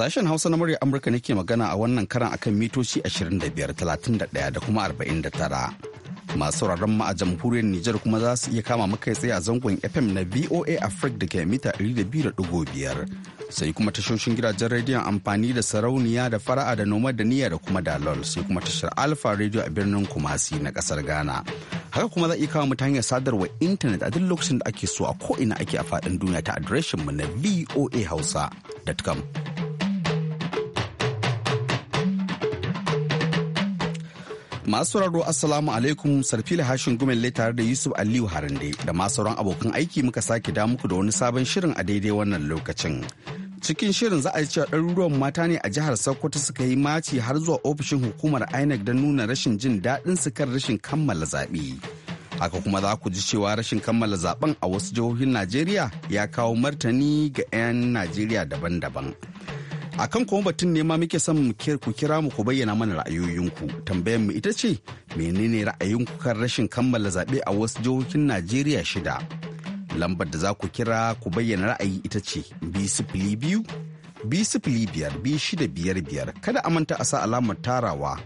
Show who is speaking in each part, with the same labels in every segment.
Speaker 1: Sashen Hausa na murya Amurka ke magana a wannan karan akan mitoci 25, 31 da kuma 49. masu sauraron mu a jamhuriyar Nijar kuma za su iya kama muka tsaye a zangon FM na VOA Africa da ke mita 200.5 sai kuma tashoshin gidajen rediyon amfani da sarauniya da fara'a da noma da niyya da kuma dalol sai kuma tashar alfa rediyo a birnin Kumasi na kasar Ghana. Haka kuma za iya kama mu ta hanyar sadarwa intanet a duk lokacin da ake so a ko'ina ake a faɗin duniya ta adireshin mu na boahausa.com. Masu raro Assalamu alaikum sarfila hashin gumelle tare da Yusuf Aliyu Harande da masu sauran abokan aiki muka sake damuku da wani sabon shirin a daidai wannan lokacin. Cikin shirin za a yi cewa ɗaruruwan mata ne a jihar Sokoto suka yi maci har zuwa ofishin hukumar INEC don nuna rashin jin daɗin su kan rashin kammala zaɓe. Haka kuma za ku ji cewa rashin kammala zaben a wasu jihohin Najeriya ya kawo martani ga 'yan Najeriya daban-daban. akan kuma batun nema muke son ku kira mu ku bayyana mana ra'ayoyinku tambayar mu ita ce menene ra'ayinku kan rashin kammala zaɓe a wasu jihohin najeriya shida lambar da za ku kira ku bayyana ra'ayi ita ce b biyu biyar bi shida biyar biyar kada a manta a sa alamar tarawa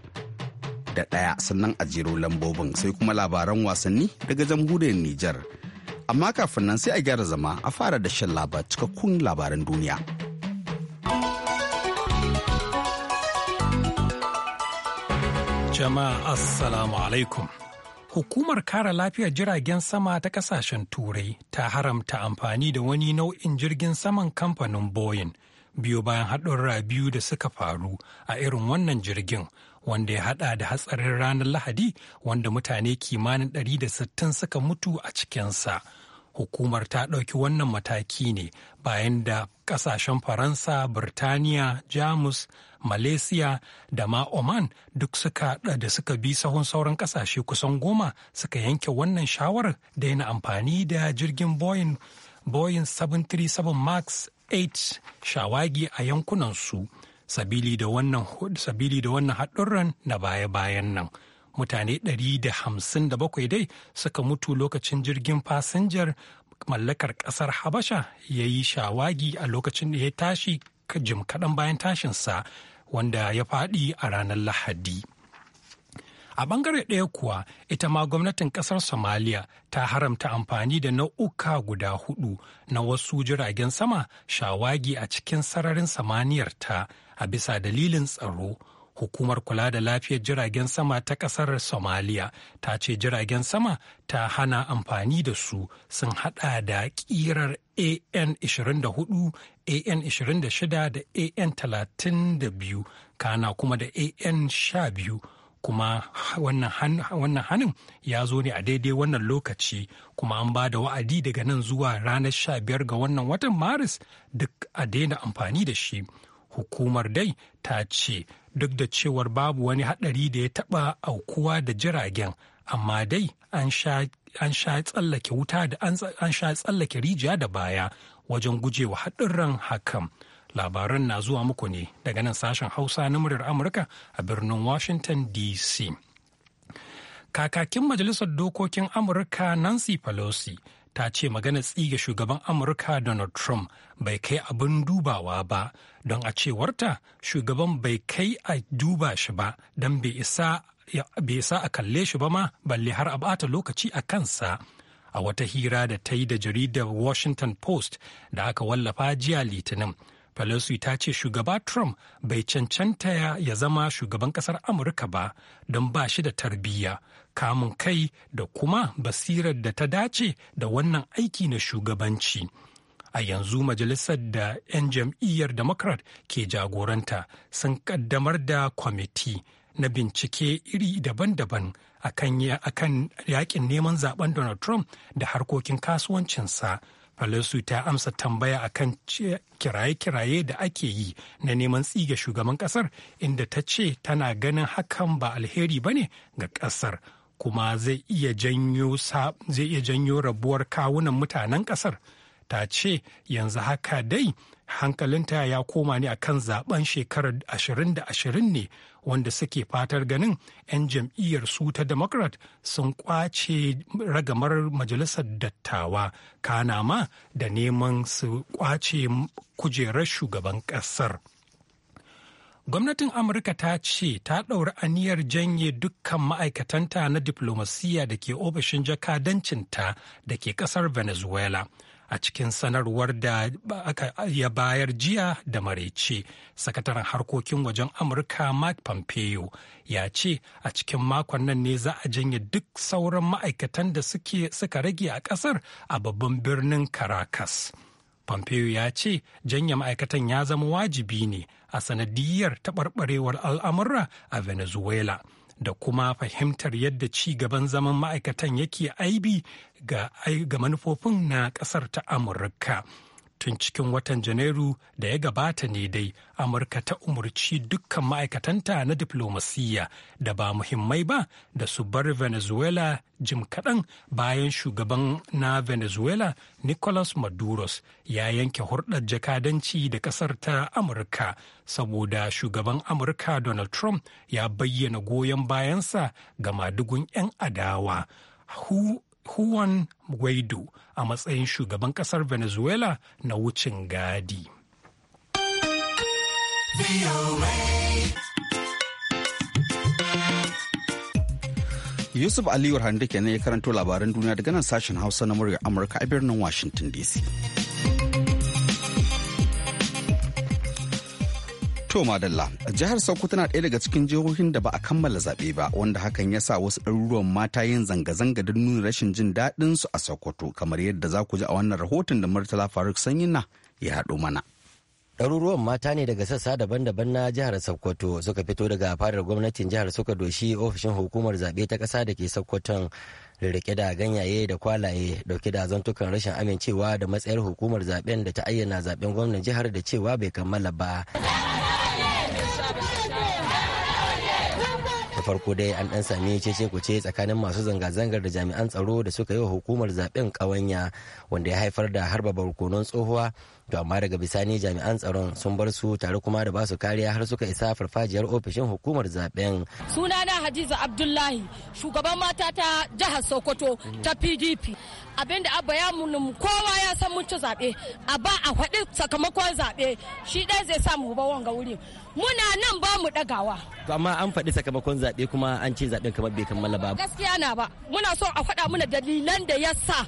Speaker 1: da ɗaya sannan a jero lambobin sai kuma labaran wasanni daga jamhuriyar nijar amma kafin nan sai a gyara zama a fara da shan labar cikakkun labaran duniya.
Speaker 2: Jama'a Assalamu alaikum. Hukumar kare lafiyar jiragen sama ta kasashen Turai ta haramta amfani da wani nau'in jirgin saman kamfanin Boeing biyo bayan haɗurra biyu da suka faru a irin wannan jirgin wanda ya haɗa da hatsarin ranar Lahadi wanda mutane kimanin 160 suka mutu a cikinsa. hukumar ta ɗauki wannan mataki ne bayan da ƙasashen faransa birtaniya jamus malaysia da ma oman duk suka da suka bi sahun sauran kasashe kusan goma suka yanke wannan shawarar daina amfani da jirgin boeing boeing 737 max 8 shawagi a yankunansu sabili da wannan sabili da wannan haɗurran na baya-bayan nan mutane 157 dai suka mutu lokacin jirgin fasinjar mallakar ƙasar habasha ya yi shawagi a lokacin da ya tashi jim kaɗan bayan tashinsa wanda ya faɗi a ranar Lahadi. A ɓangare ɗaya kuwa, ita ma gwamnatin ƙasar Somalia ta haramta amfani da nau'uka guda hudu na wasu jiragen sama shawagi a cikin sararin samaniyarta a bisa dalilin tsaro hukumar kula da lafiyar jiragen sama ta kasar somaliya ta ce jiragen sama ta hana amfani da su sun hada da kirar an 24 an 26 da an 32 kana kuma da an 12 kuma wannan hannun ya zo ne a daidai wannan lokaci kuma an ba da wa'adi daga nan zuwa ranar 15 ga wannan watan maris duk a daina amfani da shi hukumar dai ta ce duk da cewar babu wani haɗari da ya taɓa aukuwa da jiragen amma dai an sha tsallake wuta da an sha tsallake rijiya da baya wajen gujewa haɗurran hakan labaran na zuwa muku ne daga nan sashen hausa na muryar amurka a birnin washington dc kakakin majalisar dokokin amurka nancy pelosi ta ce magana tsige shugaban amurka donald trump bai kai abin dubawa ba don a cewarta shugaban bai kai a duba shi ba don bai isa a kalle shi ba ma balle har a bata lokaci a kansa a wata hira da ta yi da jaridar washington post da aka wallafa jiya litinin Pelosi ta ce shugaba Trump bai cancanta ya zama shugaban kasar Amurka ba don ba shi da tarbiyya, kamun kai da kuma basirar da ta dace da wannan aiki na shugabanci. A yanzu majalisar da 'yan jam'iyyar Democrat ke jagoranta sun kaddamar da kwamiti na bincike iri daban-daban akan yakin neman zaben Donald Trump da harkokin kasuwancinsa. Falasu ta amsa tambaya a kan kiraye-kiraye da ake yi na neman tsige shugaban kasar inda ta ce tana ganin hakan ba alheri ba ne ga kasar kuma zai iya janyo rabuwar kawunan mutanen kasar ta ce yanzu haka dai hankalinta ya koma ne akan zaben shekarar 2020 ne wanda suke fatar ganin 'yan jam'iyyar su ta democrat sun kwace ragamar majalisar dattawa kana ma da neman su kwace kujerar shugaban kasar gwamnatin amurka ta ce ta ɗauri aniyar janye dukkan ma'aikatanta na diflomasiyya da ke ofishin jakadancinta da ke ƙasar venezuela a cikin sanarwar da aka ya bayar jiya da maraice sakataren harkokin wajen amurka mark pompeo ya ce a cikin makon nan ne za a janye duk sauran ma'aikatan da suka rage a ƙasar a babban birnin caracas Pompeo ya ce janye ma'aikatan ya zama wajibi ne a sanadiyar taɓarɓarewar al'amura a Venezuela. da kuma fahimtar yadda ci gaban zaman ma'aikatan yake aibi ga manufofin na ƙasar ta Amurka. tun cikin watan janairu da ya gabata ne dai amurka ta umarci dukkan ma'aikatanta na diplomasiyya da ba muhimmai ba da su bar venezuela jim kaɗan bayan shugaban na venezuela nicolas maduros ya yanke hurɗar jakadanci da ƙasar ta amurka saboda shugaban amurka donald trump ya bayyana goyon bayansa ga madugun 'yan adawa hu Juan Guaido a matsayin shugaban ƙasar Venezuela na wucin gadi.
Speaker 1: Yusuf Aliyu Handike ne ya karanto labaran duniya daga nan sashen Hausa na murya Amurka a birnin Washington DC. To Madalla, jihar Sokoto tana ɗaya daga cikin jihohin da ba a kammala zaɓe ba, wanda hakan ya sa wasu ɗaruruwan mata yin zanga-zanga don nuna rashin jin daɗin su a Sokoto, kamar yadda za ku ji a wannan rahoton da Murtala Faruk Sanyina
Speaker 3: ya haɗo mana. ɗaruruwan mata ne daga sassa daban-daban na jihar sokoto suka fito daga fadar gwamnatin jihar suka doshi ofishin hukumar zaɓe ta ƙasa da ke sokoton rike da ganyaye da kwalaye dauke da zantukan rashin amincewa da matsayar hukumar zaben da ta ayyana zaben gwamnan jihar da cewa bai kammala ba da farko dai an dan sami cece kuce tsakanin masu zanga-zangar da jami'an tsaro da suka yi wa hukumar zaben kawanya wanda ya haifar da harba barkonon tsohuwa to amma daga bisani jami'an tsaron sun bar su tare kuma da basu kariya har suka isa farfajiyar ofishin hukumar zaben sunana hadiza abdullahi shugaban mata ta jihar sokoto ta pdp abinda abba ya mun kowa ya san mun ci zaɓe a ba a faɗi sakamakon zaɓe shi ɗaya zai sa mu ba wanga wuri muna nan ba mu ɗagawa amma an faɗi sakamakon zabe kuma an ce zaɓen kamar bai kammala ba gaskiya na ba muna so a faɗa mana dalilan da ya sa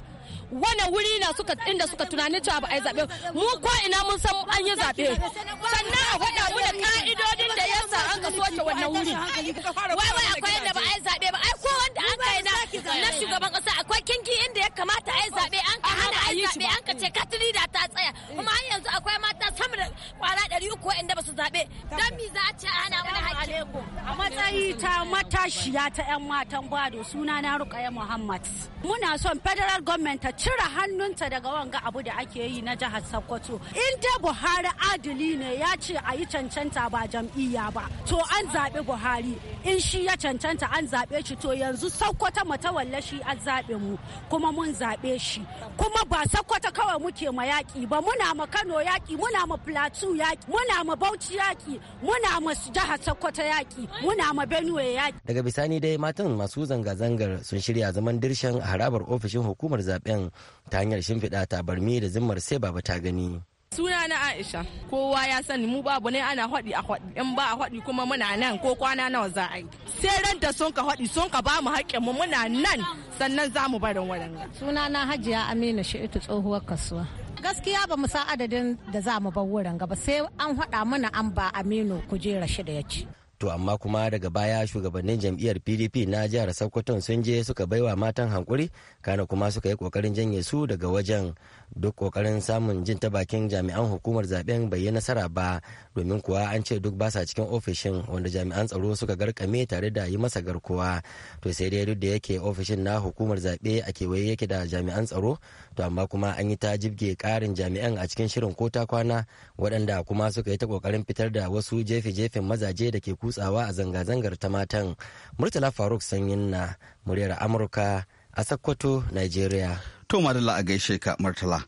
Speaker 3: wannan wuri na suka inda suka tunanin cewa ba a yi zaɓe mu ko ina mun san an yi zaɓe sannan a faɗa mu da ka'idodin da ya sa an ka soke wannan wuri wai wai akwai yadda ba a yi zaɓe ba ai ko wanda an kai na na shugaban ƙasa akwai kingi inda ya kamata a yi zaɓe an ka hana a yi zaɓe an ka ce katiri da ta tsaya kuma har yanzu akwai mata sama da kwara ɗari uku inda ba su zaɓe don mi za a ce a hana wani haƙƙi. A matsayi ta matashiya
Speaker 1: ta 'yan matan Bado suna na Rukaya Muhammad. Muna son federal government ta cire hannunta daga wanga abu da ake yi na jihar Sokoto.
Speaker 3: In dai Buhari adili ne ya ce a yi cancanta ba jam'iyya ba. To an zaɓi Buhari. In shi ya cancanta an zaɓe shi to yanzu Sokoto matawalle shi an zaɓe mu kuma mun zaɓe shi. Kuma ba Sokoto kawai muke ma yaƙi ba muna ma Kano yaƙi muna ma Plateau yaƙi muna ma Bauchi yaƙi muna ma jihar Sokoto yaƙi muna ma Benue yaƙi. Daga bisani dai matan masu zanga-zangar sun shirya zaman dirshan harabar ofishin hukumar zaɓen ta hanyar shimfiɗa tabarmi da zimmar sai baba ta gani. suna na aisha kowa ya sani mu babu ne ana haɗi a haɗi in ba a haɗi kuma muna nan ko kwana nawa za a yi sai ran da sun ka haɗi sun ka ba mu haƙƙin mu muna nan sannan za mu barin wurin suna na
Speaker 2: hajiya aminu shi'itu
Speaker 3: tsohuwar kasuwa gaskiya ba mu san
Speaker 2: adadin da za mu bar wurin gaba sai an haɗa mana an ba aminu kujera shida ya ci
Speaker 3: to amma kuma daga baya shugabannin jam'iyyar pdp na jihar sokoto sun je suka baiwa matan hankuri kana kuma suka yi kokarin janye su daga wajen duk kokarin samun jin ta bakin jami'an hukumar zaben bai yi nasara ba domin kuwa an ce duk basa cikin ofishin wanda jami'an tsaro suka garkame tare da yi masa garkuwa to sai dai duk da yake ofishin na hukumar zaɓe a kewaye yake da jami'an tsaro to amma kuma an yi ta jibge karin jami'an a cikin shirin ko ta kwana waɗanda kuma suka yi ta kokarin fitar da wasu jefe-jefen mazaje da ke kutsawa a zanga-zangar ta matan murtala faruk sanyin na muryar amurka a Sokoto, Nigeria.
Speaker 1: To Madalla a gaishe ka Murtala.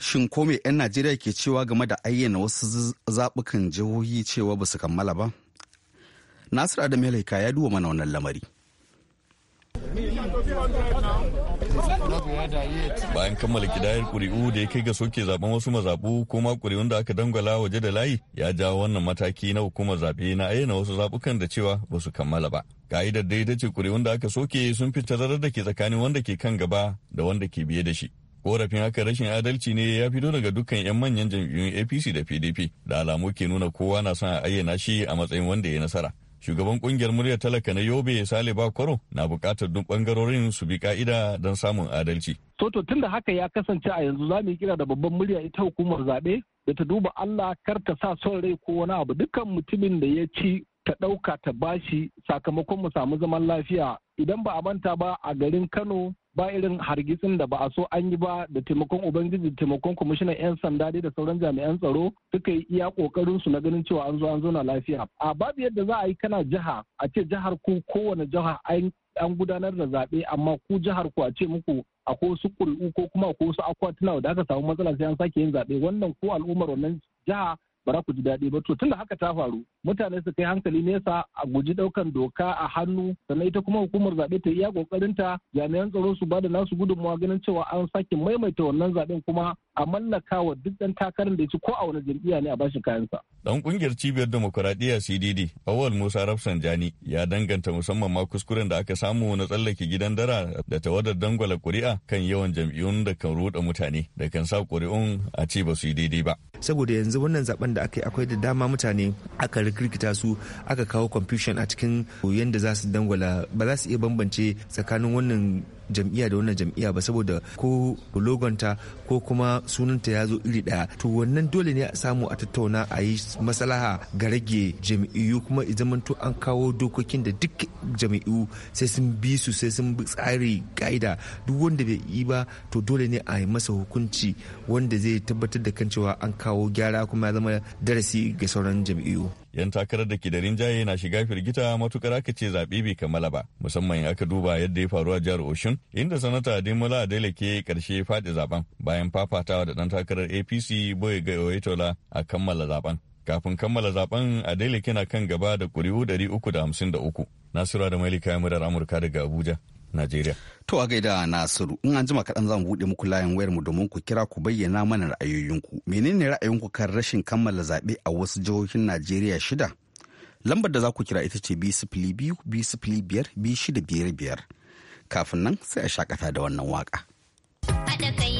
Speaker 1: Shin ko 'yan Najeriya ke cewa game da ayyana wasu zaɓukan jihohi cewa ba su kammala ba? Nasiru Adam ya duba mana wannan lamari.
Speaker 4: Bayan kammala kidayar kuri'u da ya kai ga soke zaben wasu mazaɓu ko ma ƙuri'un da aka dangwala waje da layi ya jawo wannan mataki na hukumar zaɓe na ayyana wasu zaɓukan da cewa ba su kammala ba. Ka'idar da ita ce ƙuri'un da aka soke sun fi tazarar da ke tsakanin wanda ke kan gaba da wanda ke biye da shi. ƙorafin haka rashin adalci ne ya fito daga dukkan 'yan manyan jam'iyyun apc da pdp da alamu ke nuna kowa na son a ayyana shi a matsayin wanda ya nasara shugaban kungiyar murya talaka na yobe ya sale bakwaro na bukatar duk bangarorin su bi ka'ida don samun adalci
Speaker 5: toto da haka ya kasance a yanzu za mu yi kira da babban murya ita hukumar zaɓe da ta duba allah kar ta sa son rai ko wani abu dukkan mutumin da ya ci ta ɗauka ta bashi sakamakon mu samu zaman lafiya idan ba a manta ba a garin kano ba irin hargitsin da ba a so an yi ba da taimakon ubangiji taimakon kwamishinan 'yan sanda dai da sauran jami'an tsaro suka yi iya kokarin su na ganin cewa an zo an zauna lafiya a babu yadda za a yi kana jiha a ce jihar ku kowane jiha an gudanar da zaɓe amma ku jihar ku a ce muku a ko su ƙuri'u ko kuma ko su akwatuna da aka samu matsala sai an sake yin zaɓe wannan ko al'ummar wannan jiha ba za ku ji daɗi ba to tunda haka ta faru mutane su kai hankali nesa a guji ɗaukan doka a hannu sannan ita kuma hukumar zaɓe ta iya ƙoƙarinta jami'an tsaro su ba da nasu gudunmawa ganin cewa an sake maimaita wannan zaɓen kuma a mallaka wa duk ɗan takarar da ya ci ko a wani jam'iyya ne a bashi kayansa.
Speaker 4: Dan kungiyar cibiyar demokuraɗiyya CDD, Awal Musa rafsan jani ya danganta musamman ma kuskuren da aka samu na tsallake gidan dara da tawadar dangwala ƙuri'a kan yawan jam'iyyun da kan ruɗa mutane da kan sa ƙuri'un a ci ba su daidai ba.
Speaker 1: Saboda yanzu wannan zaben da aka yi akwai da dama mutane aka rikirkita su aka kawo confusion a cikin yadda za su dangwala ba za su iya bambance tsakanin wannan jam'iyya da wannan jam'iyya ba saboda ko logonta ko kuma sunanta ya zo iri daya to wannan dole ne a samu a tattauna a yi maslaha ga rage jam'iyyu kuma zamanto an kawo dokokin da duk jam'iyyu sai sun bi su sai sun bi tsari ka'ida duk wanda bai yi ba to dole ne a yi masa hukunci wanda zai tabbatar da kan cewa
Speaker 4: an kawo gyara kuma ya zama darasi ga sauran jam'iyyu yan takarar da ke da rinjaye na shiga firgita matukar aka ce zaɓe bai kammala ba musamman in aka duba yadda ya faru a jihar Oshun inda sanata Ademola Adeleke karshe faɗi zaben bayan fafatawa da ɗan takarar APC Boye Ga Oyetola a kammala zaben. Kafin kammala zaben Adeleke na kan gaba da ƙuri'u 353. uku da da uku. nasiru Malika murar Amurka daga Abuja, Najeriya. To a gaida
Speaker 1: Nasiru in an jima kaɗan zamu buɗe muku layin wayar mu domin ku kira ku bayyana mana ra'ayoyinku. Menene ra'ayinku kan rashin kammala zaɓe a wasu jihohin Najeriya shida? Lambar da za ku kira ita ce b sifili biyu b sifili biyar b shida biyar biyar. Kafin nan sai a shakata da wannan waka.
Speaker 6: Haɗa kai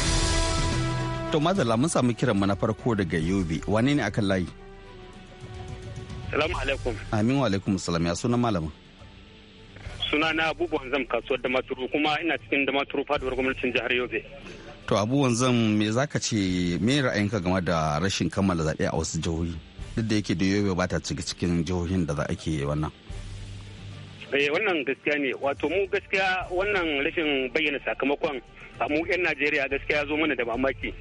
Speaker 7: To
Speaker 1: mazala mun samu kiran mu na farko daga Yobe. Wane ne akan layi?
Speaker 8: Salamu alaikum.
Speaker 1: Amin wa alaikum salam ya sunan malamin.
Speaker 8: Suna na abubuwan zan kasuwar damaturu kuma ina cikin damaturu faduwar gwamnatin jihar Yobe.
Speaker 1: To abubuwan zan me zaka ce me ra'ayinka game da rashin kammala zaɓe a wasu jihohi? Duk da yake da Yobe ba ta cika cikin jihohin da za a ke wannan.
Speaker 8: eh wannan gaskiya ne wato mu gaskiya wannan rashin bayyana sakamakon a mu 'yan najeriya gaskiya ya zo mana da mamaki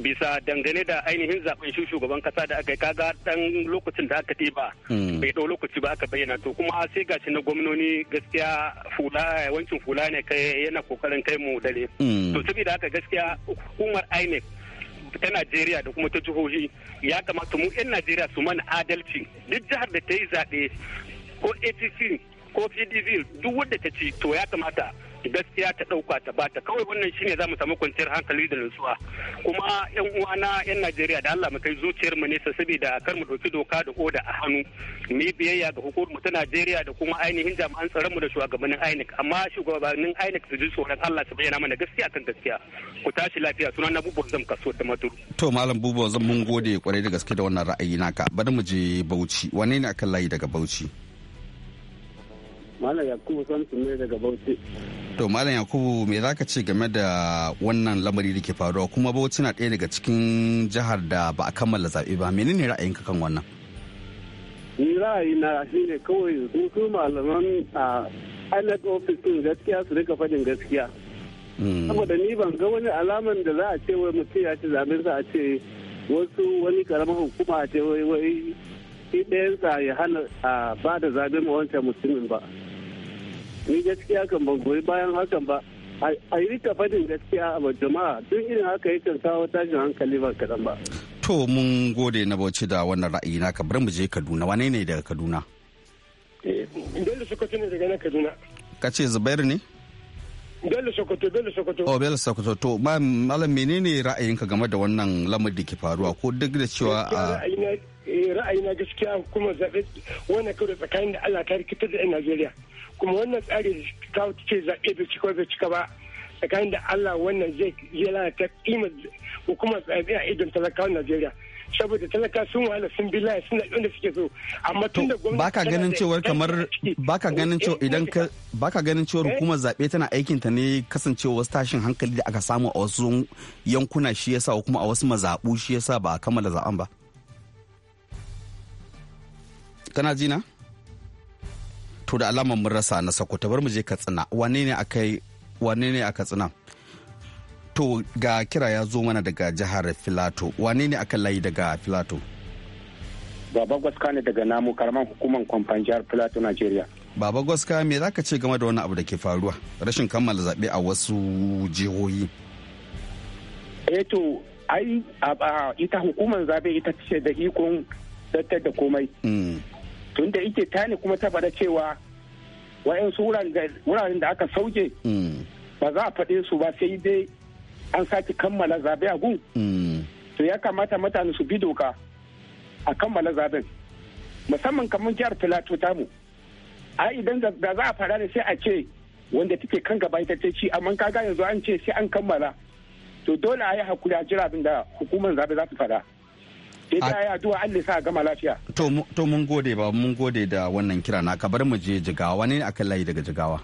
Speaker 8: bisa dangane da ainihin zaben shi shugaban kasa da aka yi kaga dan lokacin da aka Ba hmm. bai ɗau lokaci ba aka bayyana to kuma sai gashi na gwamnoni gaskiya fula wancin fula ne kai yana kokarin kai mu dare hmm. to saboda haka gaskiya hukumar INEC ta Najeriya da kuma ta jihohi ya kamata mu 'yan Najeriya su mana adalci duk jihar da ta yi zaɓe ko apc ko PDV duk wanda ta ci to ya kamata gaskiya ta ɗauka ta bata kawai wannan shine za mu samu kwanciyar hankali da nutsuwa kuma yan uwana yan najeriya da allah mu kai zuciyar mu nesa saboda kar mu ɗauki doka da oda a hannu ni biyayya ga hukumar mu ta najeriya da kuma ainihin jami'an tsaron mu da shugabannin inec amma shugabannin inec su ji tsoron allah su bayyana mana gaskiya kan gaskiya ku tashi lafiya sunan na bubuwan zan kaso da maturu.
Speaker 1: to malam bubuwan zan mun gode kwarai da gaske da wannan ra'ayi naka bari mu je bauchi wane ne akan layi daga bauchi.
Speaker 8: Malam Yakubu Samson ne daga Bauchi.
Speaker 1: To Malam Yakubu me ka ce game da wannan lamari da ke faruwa kuma Bauchi na ɗaya daga cikin jihar da ba a kammala zaɓe ba menene ra'ayinka kan wannan?
Speaker 8: Ni ra'ayi na shi ne kawai sun su malaman a INEC office din gaskiya su rika faɗin gaskiya. Hmm. Saboda ni ban ga wani alaman da za a ce wai mutum ya ci zaɓen za a ce wasu wani karamar hukuma a ce wai shi ɗayansa ya hana a ba da zaɓe ma wancan mutumin ba ni gaskiya kan ban goyi bayan hakan ba a yi rika fadin gaskiya a jama'a duk irin haka yakan kawo tashin hankali ba kaɗan ba
Speaker 1: to mun gode na bauchi da wannan ra'ayi naka bari mu je kaduna wane ne daga kaduna
Speaker 8: eh, bello sokoto ne daga nan kaduna
Speaker 1: ka ce Zubairu ne
Speaker 8: bello sokoto bello sokoto oh
Speaker 1: bello sokoto to malam menene ra'ayinka game da wannan lamar da ke faruwa ko duk da cewa a
Speaker 8: Eh, ra'ayina gaskiya kuma zaɓe wani kawai tsakanin da Allah ta rikitar da 'yan Najeriya kuma wannan tsari da ta ce zaɓe bai cika bai cika ba tsakanin da Allah wannan zai zai lalata kimar hukumar zaɓe a idon talakawan Najeriya saboda talaka sun wahala sun bi laya suna da suke so amma tun da gwamnati baka ganin
Speaker 1: cewar kamar baka ganin cewa eh, eh, idan ka baka ganin cewar hukumar zaɓe tana aikin ta ne kasancewa wasu tashin hankali da aka samu a wasu yankuna shi yasa kuma a wasu mazaɓu shi yasa ba a kammala zaɓen ba kana jina to da alamar mun rasa na sakwata bar mu je katsina wane ne akai wane ne a katsina to ga kira ya zo mana daga jihar filato wane ne aka layi daga filato
Speaker 8: baba gwaska ne daga namu karaman hukumar kwamfan jihar filato nigeria
Speaker 1: baba gwaska me za ka ce game da wani abu da ke faruwa rashin kammala zaɓe a wasu jihohi
Speaker 8: eh to ai ita hukumar zaɓe ita ce da ikon tattar da komai mm. tunda ike ta ne kuma ta faɗa cewa wa'yansu wuraren da aka sauke mm. ba za a faɗe su ba sai dai an sake kammala zabe a gun mm. to ya kamata mutane su bi doka a kammala zaben musamman kamar jihar filato tamu a idan da za a fara da sai a ce wanda take kan gaba ita ta ci amma kaga yanzu an ce sai an kammala to dole a yi hakuri a jira abin da hukumar zabe za su faɗa. sai da ya addu'a Allah sa gama lafiya
Speaker 1: to mun gode ba mun gode da wannan kira na ka bar mu je jigawa ne akan layi daga jigawa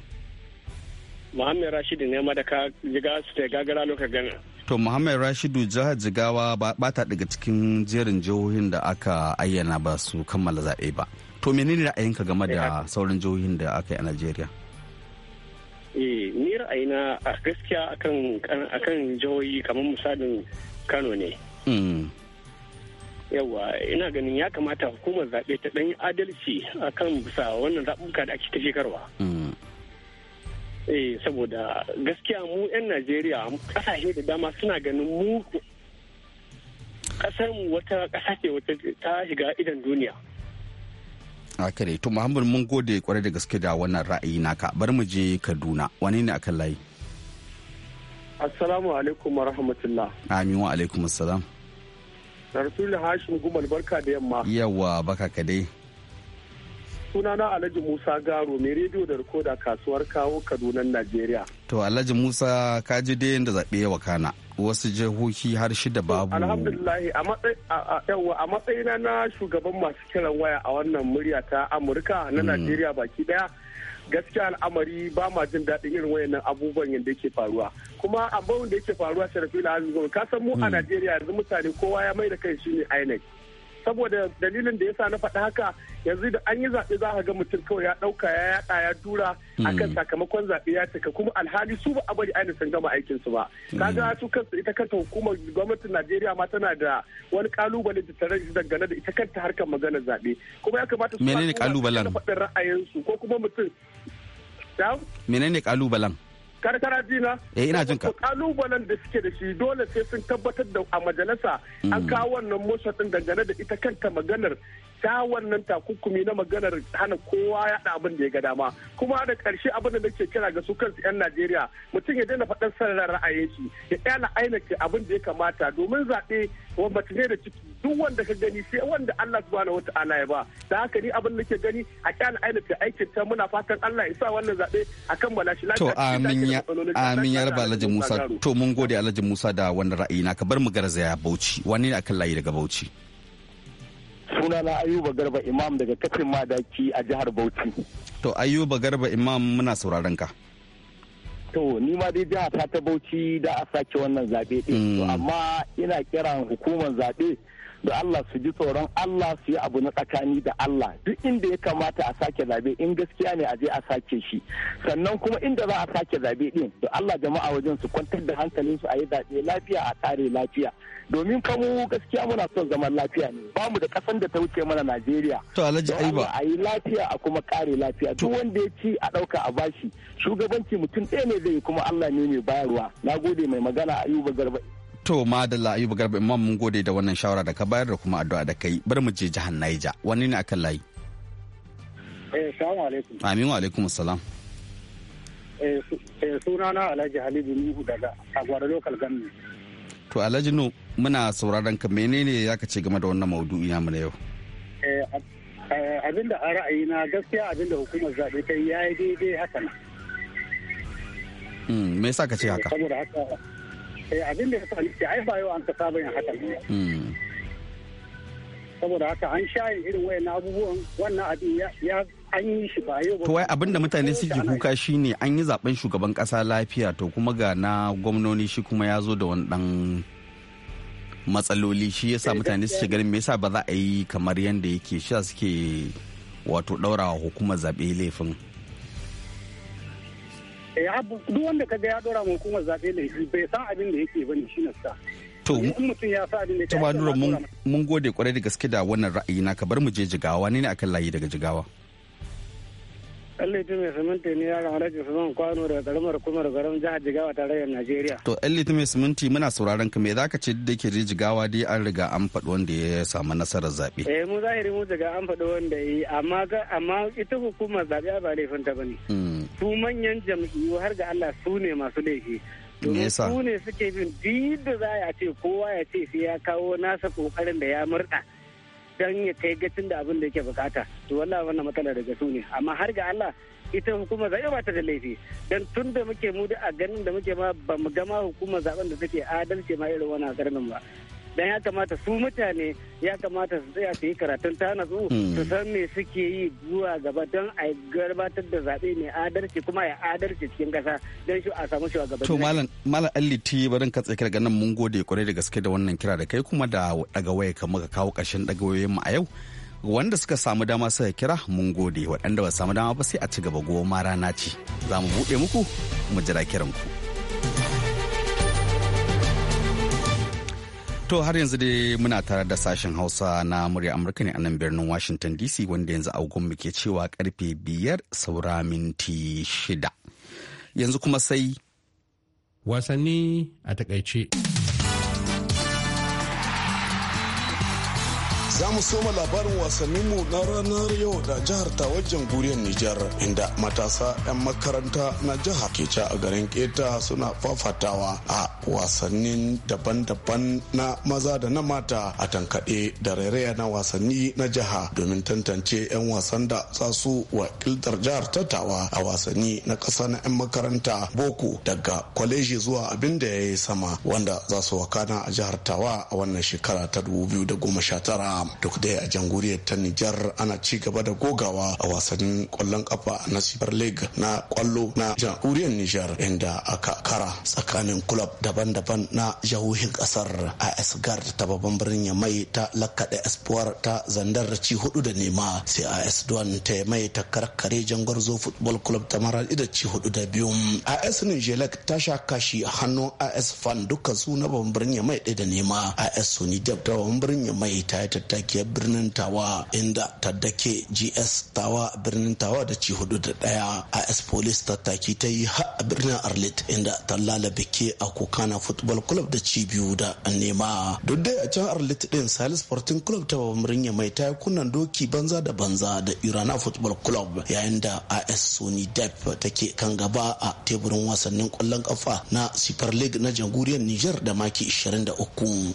Speaker 8: Muhammad Rashidu ne ma da ka jigawa su ta gagara lokacin gana
Speaker 1: to Muhammad Rashidu jihar jigawa ba ta daga cikin jerin jihohin da aka ayyana ba su kammala zaɓe ba to menene ra'ayinka game da eh, sauran jihohin da aka yi a Najeriya
Speaker 8: eh ni ra'ayina a gaskiya akan jihohi kamar misalin Kano ne hmm. yawa ina ganin ya kamata hukumar zaɓe ta ɗan adalci a kan bisa wannan zaɓuka da ake ta shekarwa mm. eh saboda gaskiya mu 'yan najeriya ƙasashe da dama suna ganin mu ƙasar mu wata ƙasa ce wata ta shiga idan duniya
Speaker 1: haka dai to muhammad mun gode kwarai da gaske da wannan ra'ayi naka bar mu je kaduna wani ne akan layi
Speaker 8: assalamu alaikum wa rahmatullah
Speaker 1: amin wa alaikum assalam
Speaker 8: Rasul Hashim Gumal barka da yamma.
Speaker 1: Yawa baka ka dai.
Speaker 8: Sunana Alhaji Musa Garo mai rediyo da rikoda kasuwar kawo Kaduna Najeriya.
Speaker 1: to alhaji musa ka ji dai yadda zaɓe ya wakana wasu jihohi har shida babu alhamdulillahi
Speaker 8: a matsayina na shugaban masu kiran waya a wannan murya ta amurka na mm. najeriya baki daya gaskiya al'amari ba ma jin daɗin irin wayannan abubuwan yadda yake faruwa kuma abubuwan da yake faruwa sharafi na ka kasan mu a mm. najeriya yanzu mutane kowa ya mai da kai ne inec saboda dalilin da ya sa na faɗi haka yanzu da an yi zaɓe za a ga mutum kawai ya ɗauka ya yaɗa ya dura hmm. akan sakamakon zaɓe ya cika kuma alhali su ba a bari ainihin san gama aikin su ba hmm. kaga su kansu ita kanta hukumar gwamnatin Najeriya ma tana da wani kalubale da tare dangane da ita kanta harkar magana zaɓe kuma ya kamata su menene kalubalen faɗin ra'ayinsu ko kuma mutum
Speaker 1: menene kalubalen
Speaker 8: karkara dina eh ina jin ka kalubalen da suke da shi dole sai sun tabbatar da a majalisa an mm. kawo wannan motion din dangane da ita kanta maganar ta wannan takunkumi na maganar hana kowa ya abin da ya ga dama kuma da karshe abin da nake kira ga su kansu yan Najeriya mutum ya daina faɗan sanar ra'ayin shi ya ɗana ainihin abin da ya kamata domin zaɓe wanda ne da ciki duk wanda ka gani sai wanda Allah subhanahu wataala ya ba da haka ni abin da ke gani a ƙyana ainihin aikin ta muna fatan Allah ya sa wannan zaɓe a kan balashi shi to amin ya amin ya raba Alhaji Musa
Speaker 1: to mun gode Alhaji Musa da wannan ra'ayi na ka bar mu garzaya Bauchi wani ne akan layi daga Bauchi
Speaker 8: sunana ayuba garba imam daga kafin madaki a jihar bauchi
Speaker 1: to ayuba garba imam muna sauraron ka
Speaker 8: to ni ma dai jiha ta ta bauchi da a sake wannan zaɓe din to mm. amma ina kiran hukumar zaɓe da Allah su ji tsoron Allah su yi abu na tsakani da Allah duk inda ya kamata a sake zabe in gaskiya ne a je a sake shi sannan kuma inda za a sake zabe din da Allah jama'a wajen su kwantar da hankalin su a yi zabe lafiya a tsare lafiya domin kamu gaskiya muna son zaman lafiya ne ba mu da kasan da ta wuce mana najeriya to alhaji aiba a yi lafiya a kuma kare lafiya duk wanda ya ci a ɗauka a bashi shugabanci mutum ɗaya ne zai kuma allah ne mai bayarwa na gode mai magana ayuba garba
Speaker 1: to madalla ayuba garba imam mun gode da wannan shawara da ka bayar da kuma addu'a da kai bar mu je jihar naija wani ne akan layi
Speaker 8: eh salamu alaikum
Speaker 1: amin wa alaikum assalam
Speaker 8: eh, eh sunana alhaji halidu nuhu daga agwara local government
Speaker 1: to alhaji nuhu muna sauraron ka menene ya ka ce game da wannan maudu'i namu na yau
Speaker 8: eh, abinda a ra'ayina gaskiya abinda hukumar zaɓe ta yi ya yi daidai haka na
Speaker 1: hmm, me yasa ka ce haka
Speaker 8: saboda haka eh, abinda ya sani ce ai ba yau an ka saba yin haka ne hmm. saboda haka an shayin irin wayan abubuwan wannan abin ya an yi shi ba yau to wai abinda mutane suke kuka
Speaker 1: shine an yi zaben shugaban kasa lafiya to kuma ga na gwamnoni shi kuma ya zo da wani dan matsaloli shi yasa eh, mutane su shiga me yasa ba za a yi kamar yadda yake shi suke wato ɗaurawa hukumar zaɓe laifin
Speaker 8: eh, duk wanda ka ga ya ɗora mu kuma zaɓe laifi bai san abin da yake bane shi nasa to mutum ya sa abin da ta
Speaker 1: mun gode kwarai da gaske da wannan ra'ayi na ka bar mu je jigawa ne ne akan layi daga jigawa
Speaker 8: Ɗanliti mai siminti ne ya yaron rage Usman Kwano daga karamar kumar garin jihar Jigawa tare da Najeriya.
Speaker 1: To Ɗanliti mai siminti muna sauraron ka me za ka ce da ke Jigawa dai an riga an faɗi wanda ya samu nasarar zaɓe.
Speaker 8: Eh mu zahiri mu daga an faɗi wanda ya yi amma ita hukumar zaɓe ba laifin ta bane. Hmm. Su manyan jam'iyyu har ga Allah su masu laifi. domin su ne suke bin duk za a ce kowa ya ce sai ya kawo nasa kokarin da ya murda don ya kai gacin da abin da yake bukata to na wannan matsala daga tuni ne amma har ga Allah ita hukumar zaɓe ba ta da laifi don tun da muke mu a ganin da muke ma ba mu gama hukumar zaɓen da take adalci ma irin wani garin ba dan ya kamata su mutane ya kamata su tsaya su yi karatun ta natsu hmm. su san me suke yi zuwa gaba don a gabatar da zaɓe mai adalci kuma ya adalci cikin kasa don shi a samu shugabanci. to malam
Speaker 1: malam alliti barin ka tsaye daga nan mun gode kwarai da gaske da wannan kira da kai kuma da daga waya kamar ka kawo ƙarshen daga mu a yau wanda suka samu dama suka kira mun gode waɗanda ba samu dama ba sai a ci gaba goma rana ce za mu buɗe muku mu jira kiran ku. To har yanzu dai muna tare da sashen Hausa na murya Amurka ne a nan birnin Washington DC wanda yanzu agogon mu ke cewa karfe biyar saura minti shida. Yanzu kuma sai wasanni a takaice.
Speaker 7: Za mu soma labarin wasanninmu na ranar yau da jihar wajen guriyar Nijar inda matasa 'yan makaranta na jihar ke ca a garin Keta suna fafatawa a wasannin daban-daban na maza da na mata a tankaɗe da rairaya na wasanni na jiha domin tantance 'yan wasan da za su wakiltar jihar Tattawa a wasanni na ƙasa na 'yan makaranta boko daga kwaleji zuwa abin da ya yi sama wanda za su wakana a jihar Tawa a wannan shekara ta 2019. dama duk dai a jamhuriyar ta Nijar ana ci gaba da gogawa a wasannin kwallon kafa na Super League na kwallo na jamhuriyar Nijar inda aka kara tsakanin club daban-daban na jahohin kasar S Gar ta babban birnin Yamai ta lakkaɗe Espoir ta zandar da ci hudu da nema sai AS Duan ta Yamai ta karkare Jangwarzo Football Club ta Maral da ci hudu da biyu. AS Nijelek ta sha kashi a hannun AS Fan dukkan su na babban birnin Yamai da nema AS Sunidab ta babban birnin Yamai ta yi matakiyar birnin tawa inda ta dake gs tawa birnin tawa da ci hudu da daya is police tattaki ta yi har a birnin arlit inda ta lalabe ke a kokana football club da ci biyu da nema duk dai a can arlit din salis sporting club ta bamrinya mai ta kunnan doki banza da banza da irana football club yayin da as sony dep take kan gaba a teburin wasannin kwallon kafa na super league na jamhuriyar niger da maki 23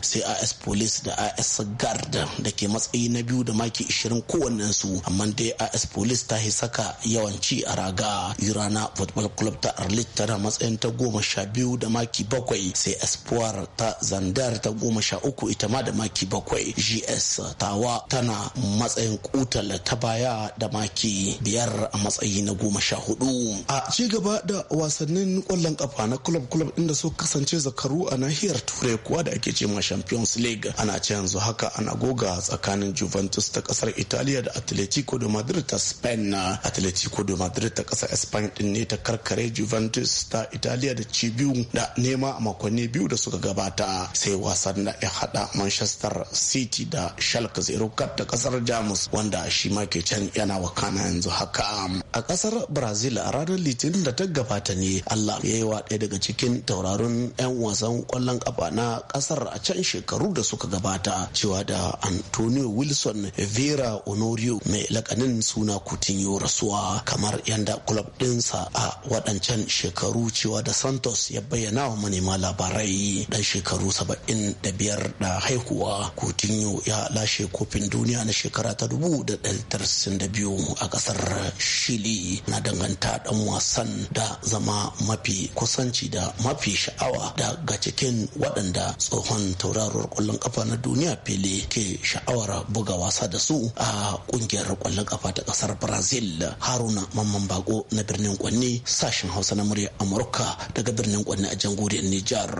Speaker 7: sai S police da is guard da ke matsayi na biyu da maki 20 kowannensu. su amma dai AS Police ta yi saka yawanci a raga Irana Football Club ta Arlit tana matsayin ta goma sha biyu da maki bakwai sai Espoir ta Zandar ta goma sha uku ita ma da maki bakwai GS Tawa tana matsayin kutal ta baya da maki biyar a matsayi na goma sha hudu. A ci gaba da wasannin kwallon kafa na club club inda su kasance zakaru a nahiyar Turai kuwa da ake ce ma Champions League ana ce yanzu haka ana goga tsakanin Juventus ta kasar Italiya da Atletico de Madrid ta Spain. na Atletico de Madrid ta kasar Spain din ne ta karkare Juventus ta Italiya da ci biyu da nema a makonni biyu da suka gabata sai wasan da ya hada Manchester City da Schalke 04 ta kasar Jamus wanda shi ma ke can yana wakana yanzu haka. A kasar Brazil a ranar Litinin da ta gabata ne Allah ya yi wa ɗaya daga cikin tauraron 'yan wasan kwallon kafa na kasar a can shekaru da suka gabata cewa da an antonio wilson vera honorio mai lakanin suna coutinho rasuwa kamar yanda club dinsa a waɗancan shekaru cewa da santos ya bayyana wa manema labarai dan shekaru 75 da biyar da haihuwa coutinho ya lashe kofin duniya na shekara ta 1962 a kasar shili na danganta dan wasan da zama mafi kusanci da mafi sha'awa daga cikin waɗanda tsohon tauraruwar ƙwallon ƙafa na duniya pele ke sha sha'awar buga wasa da su a kungiyar kwallon kafa ta kasar brazil haruna mamman bako na birnin kwanni sashen hausa na murya amurka daga birnin kwanni a jamhuriyar nijar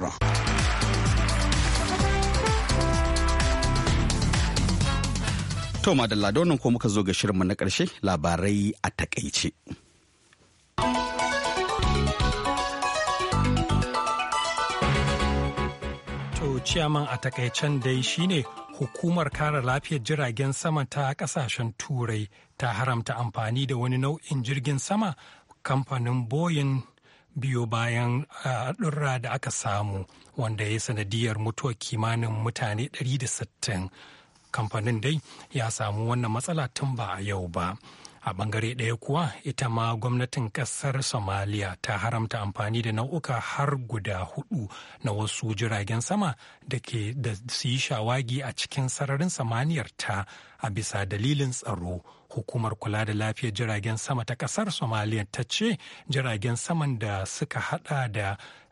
Speaker 1: To madalla da wannan ko muka zo ga shirinmu na ƙarshe labarai a takaice.
Speaker 2: ciyaman a takaicen dai shine hukumar kare lafiyar jiragen sama ta kasashen turai ta haramta amfani da wani nau'in jirgin sama kamfanin boyin biyo bayan haɗurra da aka samu wanda ya sanadiyar mutuwa kimanin mutane 160 kamfanin dai ya samu wannan matsala tun ba a yau ba a bangare ɗaya kuwa ita ma gwamnatin ƙasar Somalia ta haramta amfani da nau'uka har guda hudu na wasu jiragen sama da ke da su yi shawagi a cikin sararin samaniyar ta a bisa dalilin tsaro hukumar kula da lafiyar jiragen sama ta ƙasar Somalia ta ce jiragen saman da suka hada da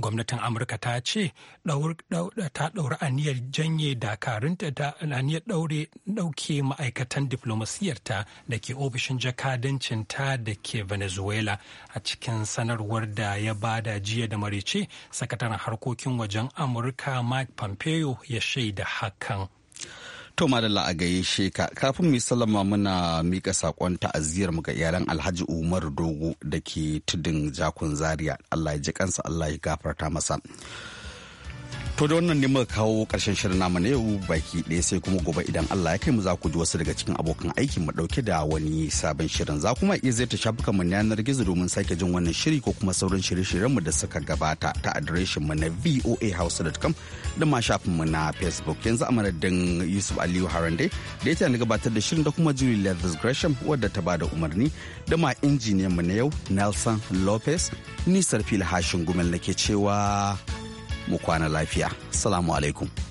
Speaker 2: gwamnatin amurka ta ce ta ɗaura aniyar janye dakarunta da aniyar ɗaure ɗauke ma'aikatan diflomasiyarta da ke ofishin jakadancinta da ke venezuela a cikin sanarwar da ya bada jiya da marice sakataren harkokin wajen amurka mike pompeo ya shaida hakan
Speaker 1: To madalla a gaishe ka kafin mu sallama muna mika sakon ta'aziyar mu ga iyalan Alhaji Umar Dogo da ke tudun Jakun Zaria. Allah ya ji kansa Allah ya gafarta masa. To da wannan ne kawo ƙarshen shirin namu na yau baki ɗaya sai kuma gobe idan Allah ya kai mu za ku ji wasu daga cikin abokan aiki mu ɗauke da wani sabon shirin. Za kuma iya zai ta shafukan mu yanar gizo domin sake jin wannan shiri ko kuma sauran shirye-shiryen mu da suka gabata ta adireshin mu na voahausa.com da ma shafin mu na Facebook. Yanzu a madadin Yusuf Aliyu Harande da ya gabatar da shirin da kuma Julie Leathers Gresham wadda ta bada umarni da ma injiniyan mu na yau Nelson Lopez. Ni Sarfil Hashin Gumel nake cewa mu kwana lafiya. Salamu alaikum.